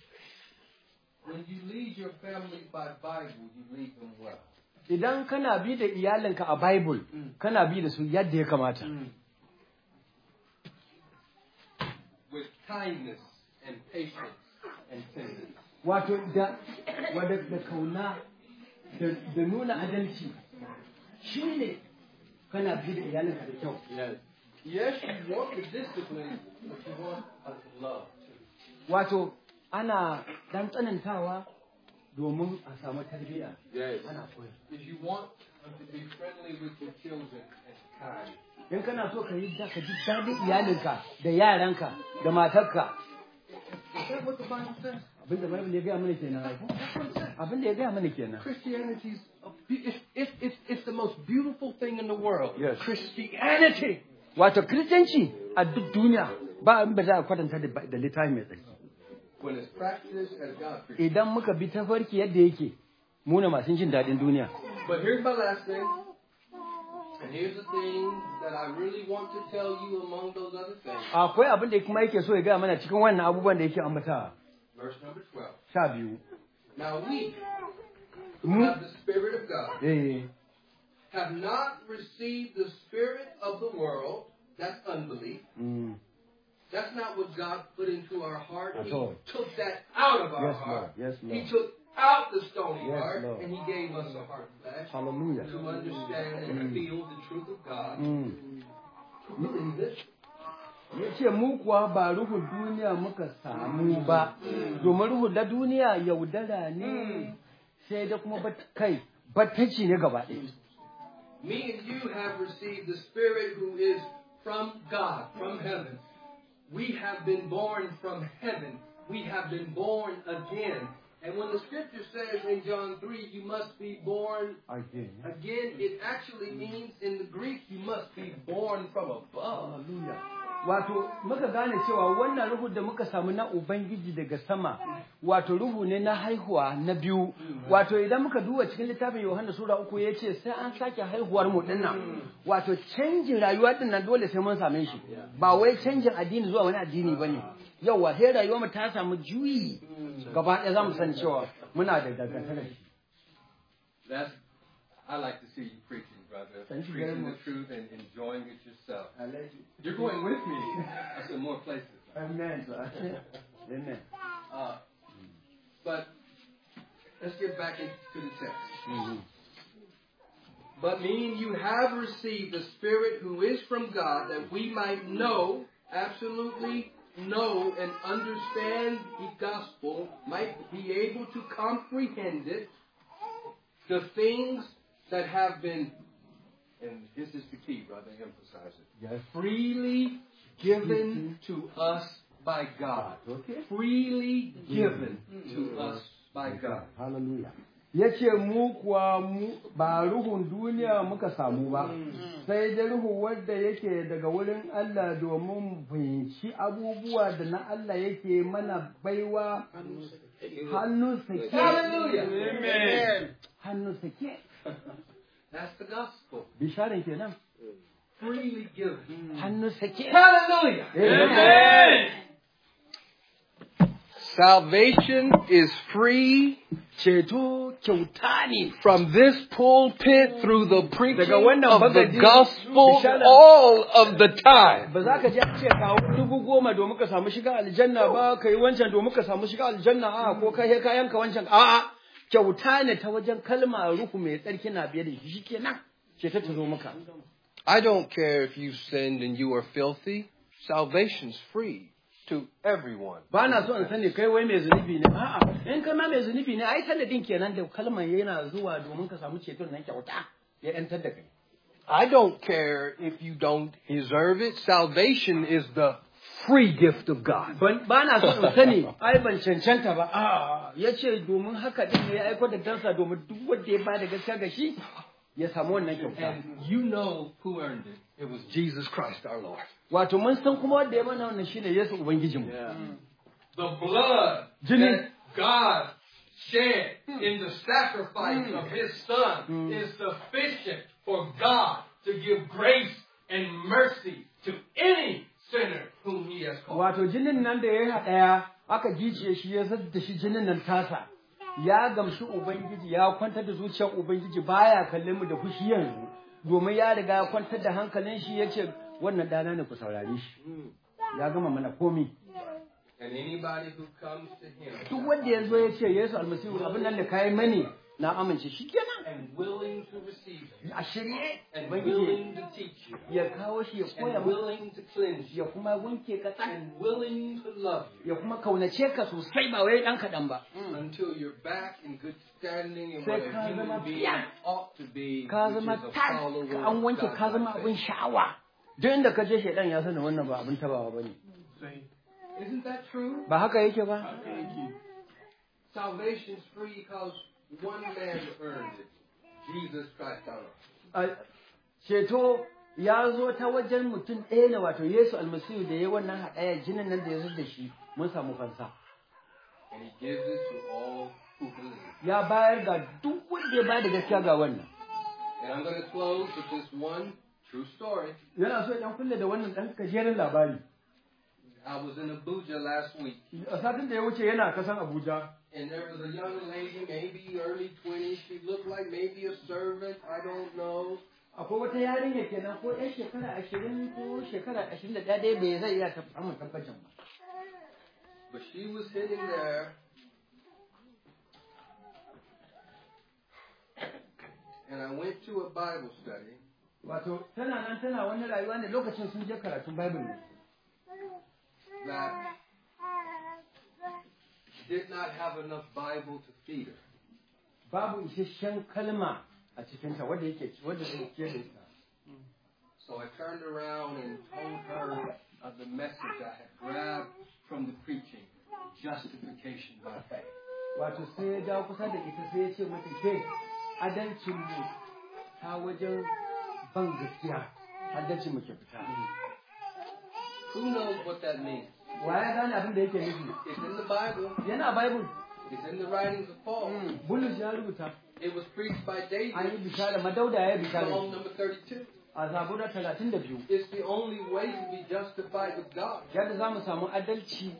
A: When you lead your family by Bible, you lead them well.
B: Idan kana bi da iyalinka a Bible, mm. kana bi da su yadda ya kamata. Mm.
A: With kindness and patience
B: and tenderness. Wato da wadda da kauna da nuna adalci shi ne kana bi da iyalinka da kyau.
A: Yes, you want the discipline, but you want love.
B: Wato ana dan tsanantawa domin a samu tarbiyya ana koyar in kana so ka yi da ka ji daɗin iyalinka da yaranka da matarka the bible ya gaya mana kenan abinda ya gaya mana kenan
A: christianity
B: is the most beautiful thing in the world yes. christianity wato kristanci a duk duniya ba abin ba za a kwatanta da littafi mai tsarki Idan muka bi tafarki yadda yake, muna masu jin daɗin duniya. Akwai abin da kuma yake so ya gaya mana cikin wannan abubuwan da yake ambata. Sha biyu. Mu? Hmm?
A: Eh, eh, eh. Have not received the spirit of the world, that's unbelief. Mm. That's not what God put into our heart. That's he all. took that out of our yes, heart. Lord. Yes, Lord. He took out the stony yes, heart Lord. and he gave us a heart
B: flesh Hallelujah. to understand and mm.
A: feel the truth of God. Mm. Mm. This
B: ya ce ba ruhu duniya muka samu ba domin ruhu duniya yaudara ne mm. sai da kuma kai ne gaba ɗaya.
A: Me and you have received the Spirit who is from God, from heaven. We have been born from heaven. We have been born again. And when the scripture says in John 3, you must be born again, again it actually means in the Greek, you must be born from
B: above. Hallelujah. wato muka gane cewa wannan ruhu da muka samu na ubangiji daga sama wato ruhu ne na haihuwa na biyu wato idan muka duba cikin littafin yohana sura uku ya ce sai an sake haihuwar mu dinna wato canjin rayuwa dinna dole sai mun same shi ba wai canjin addini zuwa wani addini bane yauwa sai rayuwar mu ta samu juyi
A: gaba ɗaya za mu san cewa
B: muna da dangantakar shi
A: I like to see you preaching. brother. Thank you Preaching the truth and enjoying it yourself. You're going with me. *laughs* I said more places. Amen. *laughs* Amen. Uh, but let's get back into the text. Mm-hmm. But meaning you have received the Spirit who is from God, that we might know, absolutely know and understand the gospel, might be able to comprehend it, the things that have been and this is the key, brother, emphasize it. Yes. Freely given mm-hmm. to us by God. Okay. Freely given mm-hmm. to mm-hmm. us by God.
B: Hallelujah. ya ce mu kuwa ba ruhun duniya muka samu ba mm. sai da ruhu wadda yake daga wurin Allah domin fahimci abubuwa da na Allah yake mana baiwa hannun sake hannun sake
A: That's the gospel. Freely given.
B: Hallelujah. Amen. Amen.
A: Salvation is free from this pulpit through the preaching of the gospel all
B: of the time kyauta ne ta wajen kalma ruhu mai tsarki na biye da shi kenan ta maka
A: I don't care if you sinned and you are filthy salvation's free to everyone ba na so in sani kai wai mai zunubi ne a'a
B: in ma mai zunubi ne ai sanadin kenan da kalman yana zuwa domin ka samu ceton nan kyauta ya yantar da kai
A: I don't care if you don't deserve it salvation is the free gift of God.
B: and
A: you know who earned it. It was Jesus Christ our Lord.
B: The
A: blood that God shed hmm. in the sacrifice hmm. of his son hmm. is sufficient for God to give grace and mercy to any
B: Wato jinin nan da ya haɗaya aka gice shi ya zata shi jinin nan tasa, ya gamsu Ubangiji, ya kwantar da zuciyar Ubangiji baya kalli mu da fushi yanzu, domin ya riga ya kwantar da hankalin shi ya ce wannan ɗana ne ku saurari shi. Ya gama mana komi. Duk wanda ya zo ya ce Yesu almasihu abin nan da kayi mani na amince shi kenan a shirye ya kawo shi ya koya ya kuma wanke ka ya kuma kaunace ka sosai ba wai dan kaɗan ba mm.
A: sai ka zama fiya ka zama tas an wanke ka zama abin
B: sha'awa duk inda ka je shaidan ya sani wannan ba abin tabawa ba ne
A: ba haka yake ba Salvation is free because
B: Ceto ya zo ta wajen mutum ɗaya ne wato Yesu almasihu da ya wannan haɗaya jinin nan da ya zo da shi mun samu fansa. Ya bayar ga duk wanda ya bayar da gaskiya ga wannan. Yana so ɗan kulle da wannan ɗan gajeren labari.
A: I was in Abuja last week. Satin da ya wuce yana
B: kasan Abuja.
A: and there was a young lady, maybe early 20s. She looked like maybe a
B: servant. I don't know. I thought yarinya kenan ko ‘yan shekara ashirin ko
A: But she was sitting
B: there and I went to a Bible study. Bible
A: That did not have enough Bible to feed her.
B: Babu isasshen kalma a cikinta wanda yake wanda zai kiyar
A: So I turned around and told her of the message I had grabbed from the preaching, justification by faith.
B: Wato sai ya dawo kusa da ita sai ya ce mata ke adalcin mu ta wajen ban gaskiya adalcin mu ke fita.
A: Who knows what that means? wa ya gane abin da yake nufi yana bible It's in the writings of Paul. Hmm. ya rubuta. It was preached by David.
B: An bishara madauda ya bishara. Psalm number 32. A zabura 32. It's the only way to be justified with God. Yadda za mu samu adalci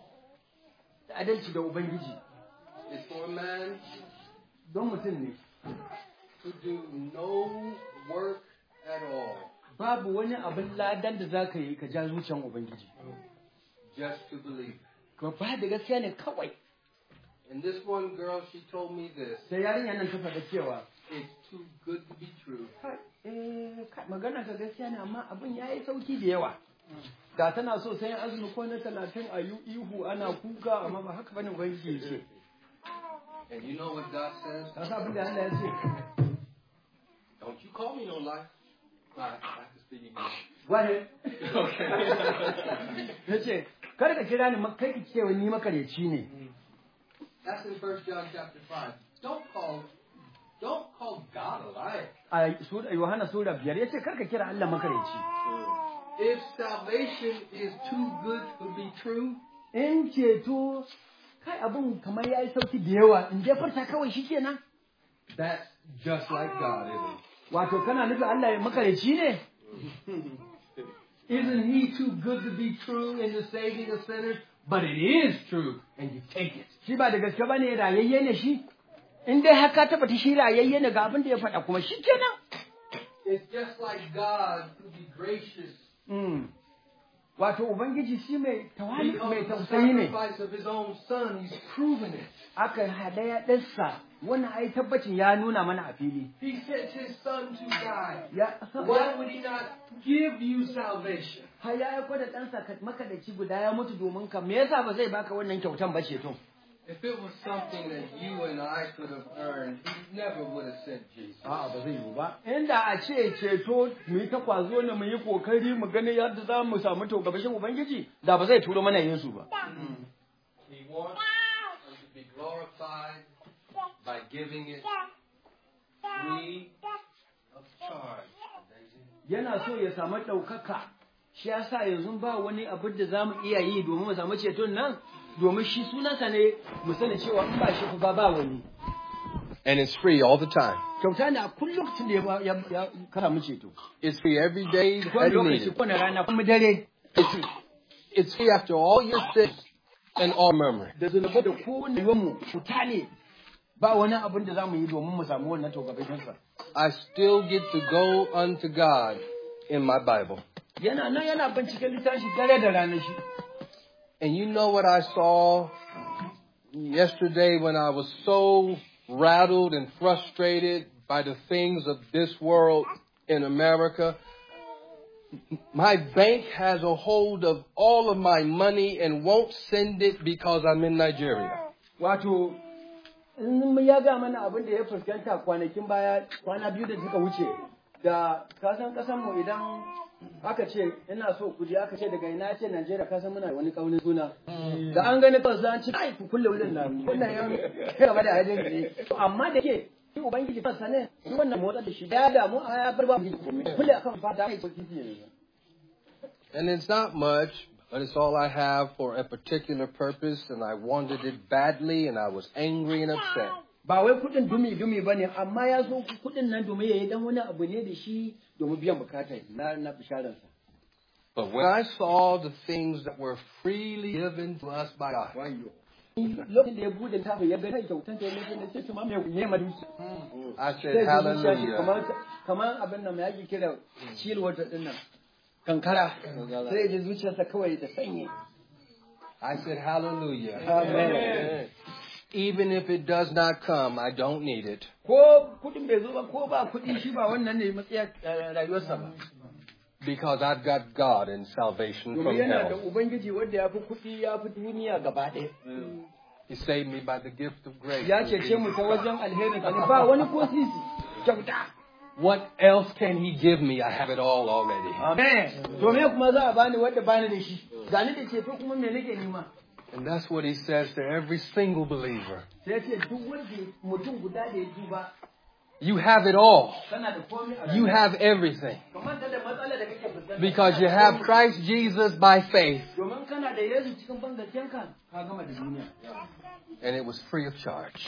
B: adalci da Ubangiji.
A: It's for a man
B: don mutum ne. To do
A: no work at all.
B: Babu wani abin ladan da za ka yi ka ja zuciyan Ubangiji. Oh.
A: just to believe.
B: And this one girl, she told me this. It's too good to be true. Eh, da tana so sai azumi ko talatin a yi ihu ana kuka amma ba haka bane ubangiji ce.
A: And you know what God says? Ka sa da Allah ya ce. Don't you call me no lie. Bye.
B: Back to okay. *laughs* kar ka kira ni kai ki cewa ni makareci ne
A: That's in 1 John chapter 5. Don't call don't call God a liar.
B: A Yohana sura biyar yace kar ka kira Allah makareci.
A: If salvation is too good to be true,
B: in ceto kai abun kamar yayi sauki da yawa in je farta kawai shikenan. That's
A: just like God,
B: isn't it? Wato kana nufin Allah makareci ne? *laughs* Isn't he too good to be true in the saving of sinners?
A: But it is true, and you
B: take it. Shi ba da gaske ba ne rayayye ne shi, in dai har ka shi rayayye ne ga abin da ya faɗa kuma shi kenan.
A: It's just like God to be gracious.
B: Mm. Wato Ubangiji shi mai tawali mai tausayi ne. Aka haɗa ya ɗansa wani ai tabbacin ya nuna mana a fili. Ya ya aiko da ɗansa makadaci guda ya mutu domin ka me yasa ba zai baka wannan kyautan ba ceton?
A: If it was something that you and I could have earned, he never would have sent Jesus.
B: A'a ba zai yiwu ba. Inda a ce ceto mu yi ta kwazo ne mu yi kokari mu gani yadda za mu samu to gabashin Ubangiji da ba zai turo mana Yesu ba.
A: He wants to be glorified by giving it free
B: of charge. Yana so ya samu ɗaukaka, shi yasa yanzu ba wani abin da za mu iya yi domin mu samu ceton nan, domin shi sunansa ne mu sani cewa in ba shi ba ba wani and it's free all the time. It's free every day, every minute. It's, it's free after all your sins and all murmuring. I still get to go unto God in my Bible. And you know what I saw
A: yesterday when I was so rattled and frustrated by the things of this world in America? My bank has a hold of all of my money and won't send it because I'm in Nigeria.
B: Wato, in ya ga mana abin da ya fuskanta kwanakin baya, kwana biyu da suka wuce, da kasan kasanmu idan Mm-hmm. aka ce ina so ku je aka ce daga ina ce Najeriya ka san muna wani kaunin suna mm-hmm. da an gani ba zan ci ai ku kulle wurin nan wannan yan gaba da hajin ne amma da ke shi ubangiji kansa ne shi wannan motsa da shi ya damu a bar ba kulle akan fata ai ne
A: And it's not much, but it's all I have for a particular purpose, and I wanted it badly,
B: and I was angry and upset ba wai dumi dumi amma ya zo nan domin dan wani abu ne da shi domin biyan bukata na na But when I saw the things that were freely given to us by God. Lokacin da ya bude tafi ya ga kai kyautan ta mai ne I said hallelujah. Kamar kamar abin nan kira Kankara. Sai zuciyarsa kawai
A: I said hallelujah. Amen. Amen even if it does not come, I don't need it. Eh, because I've got God and salvation from hell. He saved me by the gift of grace. What else can he give me? I have it all already. Amen. And that's what he says to every single believer. You have it all.
B: You have everything. Because you have Christ
A: Jesus by faith. And it was free of charge.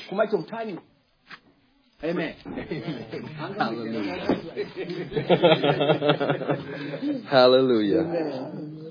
A: Amen. *laughs* Hallelujah. Hallelujah.